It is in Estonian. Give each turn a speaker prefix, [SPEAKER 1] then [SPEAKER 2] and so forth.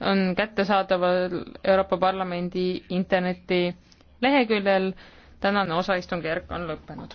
[SPEAKER 1] on kättesaadaval Euroopa Parlamendi interneti leheküljel. tänane osaistungjärk on lõppenud.